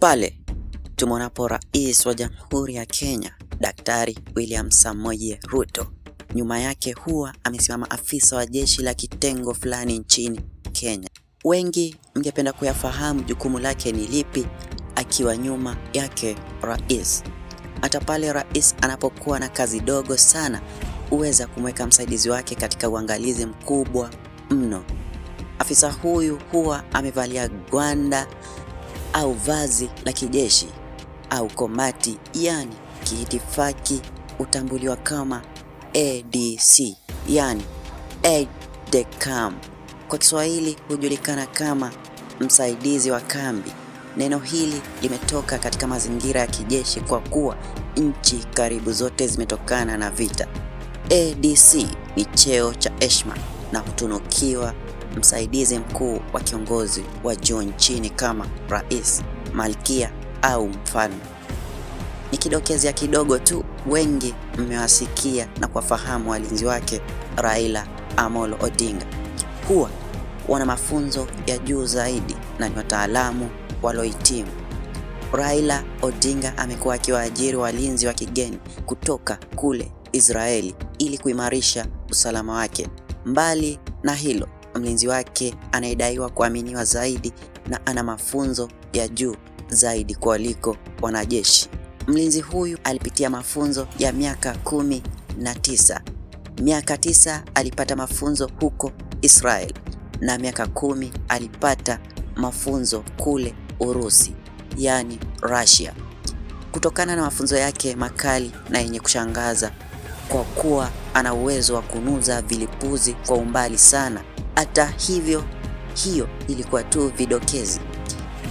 pale tumwonapo Rais wa Jamhuri ya Kenya Daktari William Samoei Ruto, nyuma yake huwa amesimama afisa wa jeshi la kitengo fulani nchini Kenya. Wengi mngependa kuyafahamu jukumu lake ni lipi akiwa nyuma yake rais. Hata pale rais anapokuwa na kazi dogo sana, huweza kumweka msaidizi wake katika uangalizi mkubwa mno. Afisa huyu huwa amevalia gwanda au vazi la kijeshi au komati, yani kiitifaki utambuliwa kama ADC, yani ADECAM. Kwa Kiswahili hujulikana kama msaidizi wa kambi. Neno hili limetoka katika mazingira ya kijeshi kwa kuwa nchi karibu zote zimetokana na vita. ADC ni cheo cha heshima na hutunukiwa msaidizi mkuu wa kiongozi wa juu nchini kama rais, malkia au mfalme. Ni kidogo tu, wengi mmewasikia na kuwafahamu walinzi wake Raila Amolo Odinga. Huwa wana mafunzo ya juu zaidi na ni wataalamu waliohitimu. Raila Odinga amekuwa akiwaajiri walinzi wa kigeni kutoka kule Israeli ili kuimarisha usalama wake. Mbali na hilo, mlinzi wake anayedaiwa kuaminiwa zaidi na ana mafunzo ya juu zaidi kuliko wanajeshi. Mlinzi huyu alipitia mafunzo ya miaka kumi na tisa. Miaka tisa alipata mafunzo huko Israel na miaka kumi alipata mafunzo kule Urusi, yaani Russia. Kutokana na mafunzo yake makali na yenye kushangaza, kwa kuwa ana uwezo wa kunuza vilipuzi kwa umbali sana hata hivyo, hiyo ilikuwa tu vidokezi.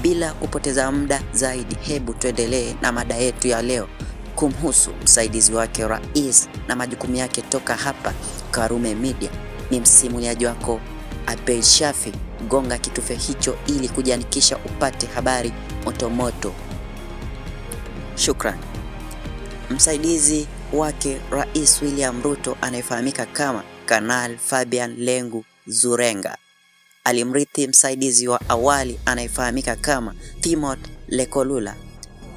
Bila kupoteza muda zaidi, hebu tuendelee na mada yetu ya leo kumhusu msaidizi wake rais na majukumu yake. Toka hapa Karume Media, ni msimuliaji wako Abel Shafi. Gonga kitufe hicho ili kujiandikisha upate habari motomoto. Shukran. Msaidizi wake Rais William Ruto anayefahamika kama Kanal Fabian Lengu Zurenga. Alimrithi msaidizi wa awali anayefahamika kama Timothy Lekolula.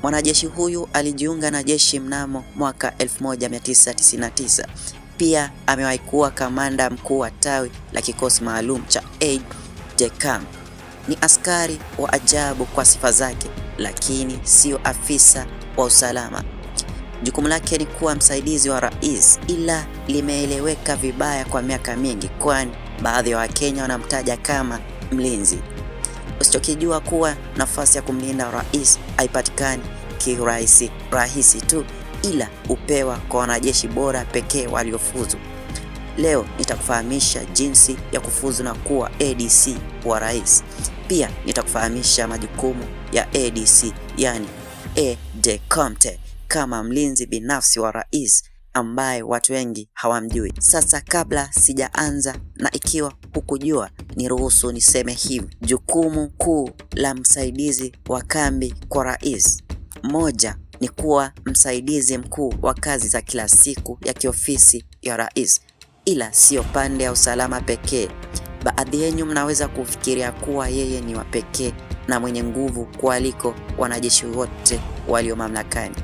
Mwanajeshi huyu alijiunga na jeshi mnamo mwaka 1999. Pia amewahi kuwa kamanda mkuu wa tawi la kikosi maalum cha Aid camp Ni askari wa ajabu kwa sifa zake, lakini sio afisa wa usalama. Jukumu lake ni kuwa msaidizi wa rais, ila limeeleweka vibaya kwa miaka mingi, kwani Baadhi ya wa Wakenya wanamtaja kama mlinzi. Usichokijua kuwa nafasi ya kumlinda rais haipatikani kirahisi rahisi tu, ila upewa kwa wanajeshi bora pekee waliofuzu. Leo nitakufahamisha jinsi ya kufuzu na kuwa ADC wa rais. Pia nitakufahamisha majukumu ya ADC, yani aide de camp, kama mlinzi binafsi wa rais ambaye watu wengi hawamjui. Sasa kabla sijaanza, na ikiwa hukujua, niruhusu niseme hivi. Jukumu kuu la msaidizi wa kambi kwa rais: moja ni kuwa msaidizi mkuu wa kazi za kila siku ya kiofisi ya rais, ila siyo pande ya usalama pekee. Baadhi yenu mnaweza kufikiria kuwa yeye ni wa pekee na mwenye nguvu kuliko wanajeshi wote walio mamlakani.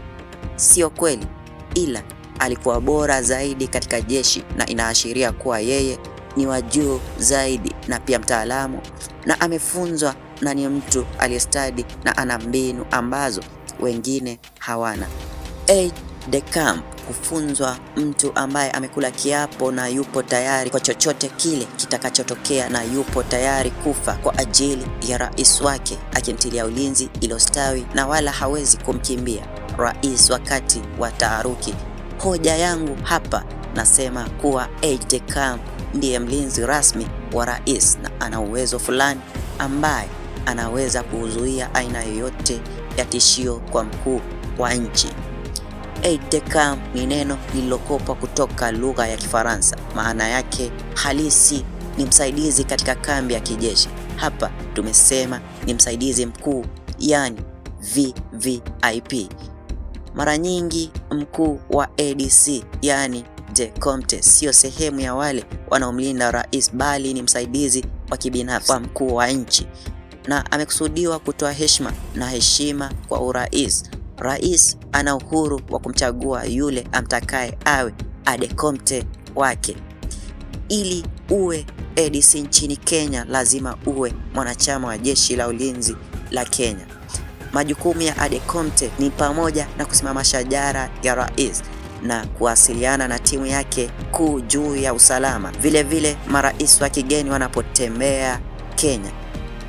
Sio kweli, ila alikuwa bora zaidi katika jeshi na inaashiria kuwa yeye ni wa juu zaidi na pia mtaalamu na amefunzwa na ni mtu aliyestadi na ana mbinu ambazo wengine hawana. Aide de camp kufunzwa mtu ambaye amekula kiapo na yupo tayari kwa chochote kile kitakachotokea na yupo tayari kufa kwa ajili ya rais wake, akimtilia ulinzi iliyostawi na wala hawezi kumkimbia rais wakati wa taharuki hoja yangu hapa nasema kuwa Edgecamp ndiye mlinzi rasmi wa rais na ana uwezo fulani ambaye anaweza kuzuia aina yoyote ya tishio kwa mkuu wa nchi. Aide ni neno lililokopwa kutoka lugha ya Kifaransa. Maana yake halisi ni msaidizi katika kambi ya kijeshi. Hapa tumesema ni msaidizi mkuu, yani VVIP mara nyingi mkuu wa ADC yani Comte sio sehemu ya wale wanaomlinda rais, bali ni msaidizi wa kibinafsi wa mkuu wa nchi, na amekusudiwa kutoa heshima na heshima kwa urais. Rais ana uhuru wa kumchagua yule amtakaye awe Comte wake. Ili uwe ADC nchini Kenya, lazima uwe mwanachama wa jeshi la ulinzi la Kenya. Majukumu ya Adeconte ni pamoja na kusimama shajara ya rais na kuwasiliana na timu yake kuu juu ya usalama. Vilevile, marais wa kigeni wanapotembea Kenya,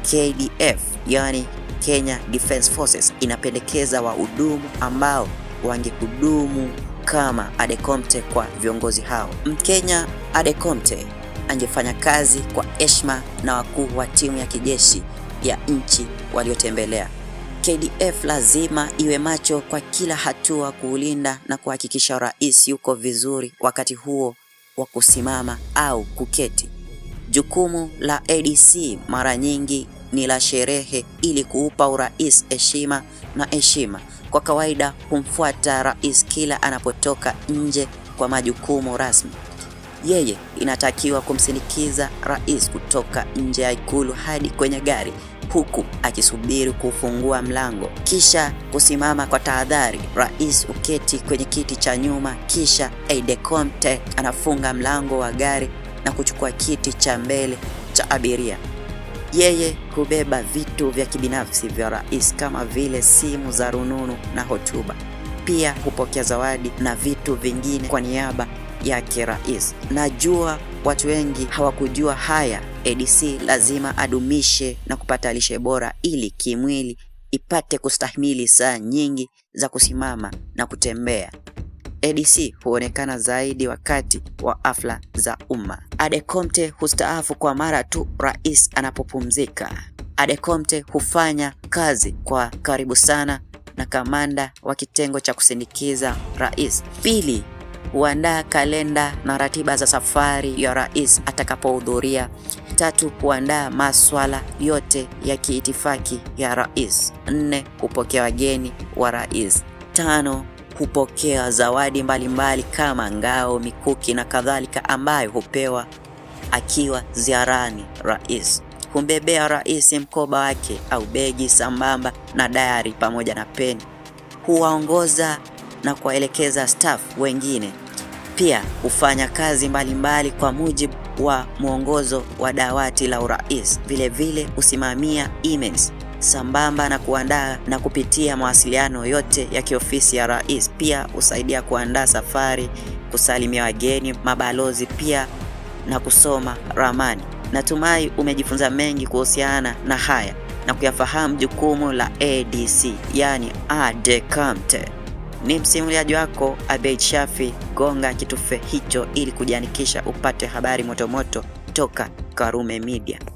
KDF yani Kenya Defence Forces inapendekeza wahudumu ambao wangehudumu kama Adeconte kwa viongozi hao. Mkenya Adeconte angefanya kazi kwa heshima na wakuu wa timu ya kijeshi ya nchi waliotembelea. KDF lazima iwe macho kwa kila hatua kuulinda na kuhakikisha rais yuko vizuri wakati huo wa kusimama au kuketi. Jukumu la ADC mara nyingi ni la sherehe ili kuupa urais heshima na heshima. Kwa kawaida humfuata rais kila anapotoka nje kwa majukumu rasmi. Yeye inatakiwa kumsindikiza rais kutoka nje ya ikulu hadi kwenye gari huku akisubiri kufungua mlango, kisha kusimama kwa tahadhari. Rais uketi kwenye kiti cha nyuma, kisha Aide Comte anafunga mlango wa gari na kuchukua kiti cha mbele cha abiria. Yeye hubeba vitu vya kibinafsi vya rais kama vile simu za rununu na hotuba. Pia hupokea zawadi na vitu vingine kwa niaba yake rais. Najua watu wengi hawakujua haya ADC lazima adumishe na kupata lishe bora ili kimwili ipate kustahimili saa nyingi za kusimama na kutembea. ADC huonekana zaidi wakati wa afla za umma. Adekomte hustaafu kwa mara tu rais anapopumzika. Adekomte hufanya kazi kwa karibu sana na kamanda wa kitengo cha kusindikiza rais. Pili, Kuandaa kalenda na ratiba za safari ya rais atakapohudhuria. Tatu, kuandaa maswala yote ya kiitifaki ya rais. Nne, kupokea wageni wa rais. Tano, kupokea zawadi mbalimbali mbali kama ngao, mikuki na kadhalika ambayo hupewa akiwa ziarani rais. Kumbebea rais mkoba wake au begi sambamba na dayari pamoja na peni. Huwaongoza na kuwaelekeza staff wengine pia hufanya kazi mbalimbali mbali kwa mujibu wa mwongozo wa dawati la urais. Vilevile husimamia emails sambamba na kuandaa na kupitia mawasiliano yote ya kiofisi ya rais. Pia husaidia kuandaa safari, kusalimia wageni, mabalozi, pia na kusoma ramani. Natumai umejifunza mengi kuhusiana na haya na kuyafahamu jukumu la ADC, yani adekamte. Ni msimuliaji wako Abeid Shafi. Gonga kitufe hicho ili kujiandikisha upate habari motomoto toka Karume Media.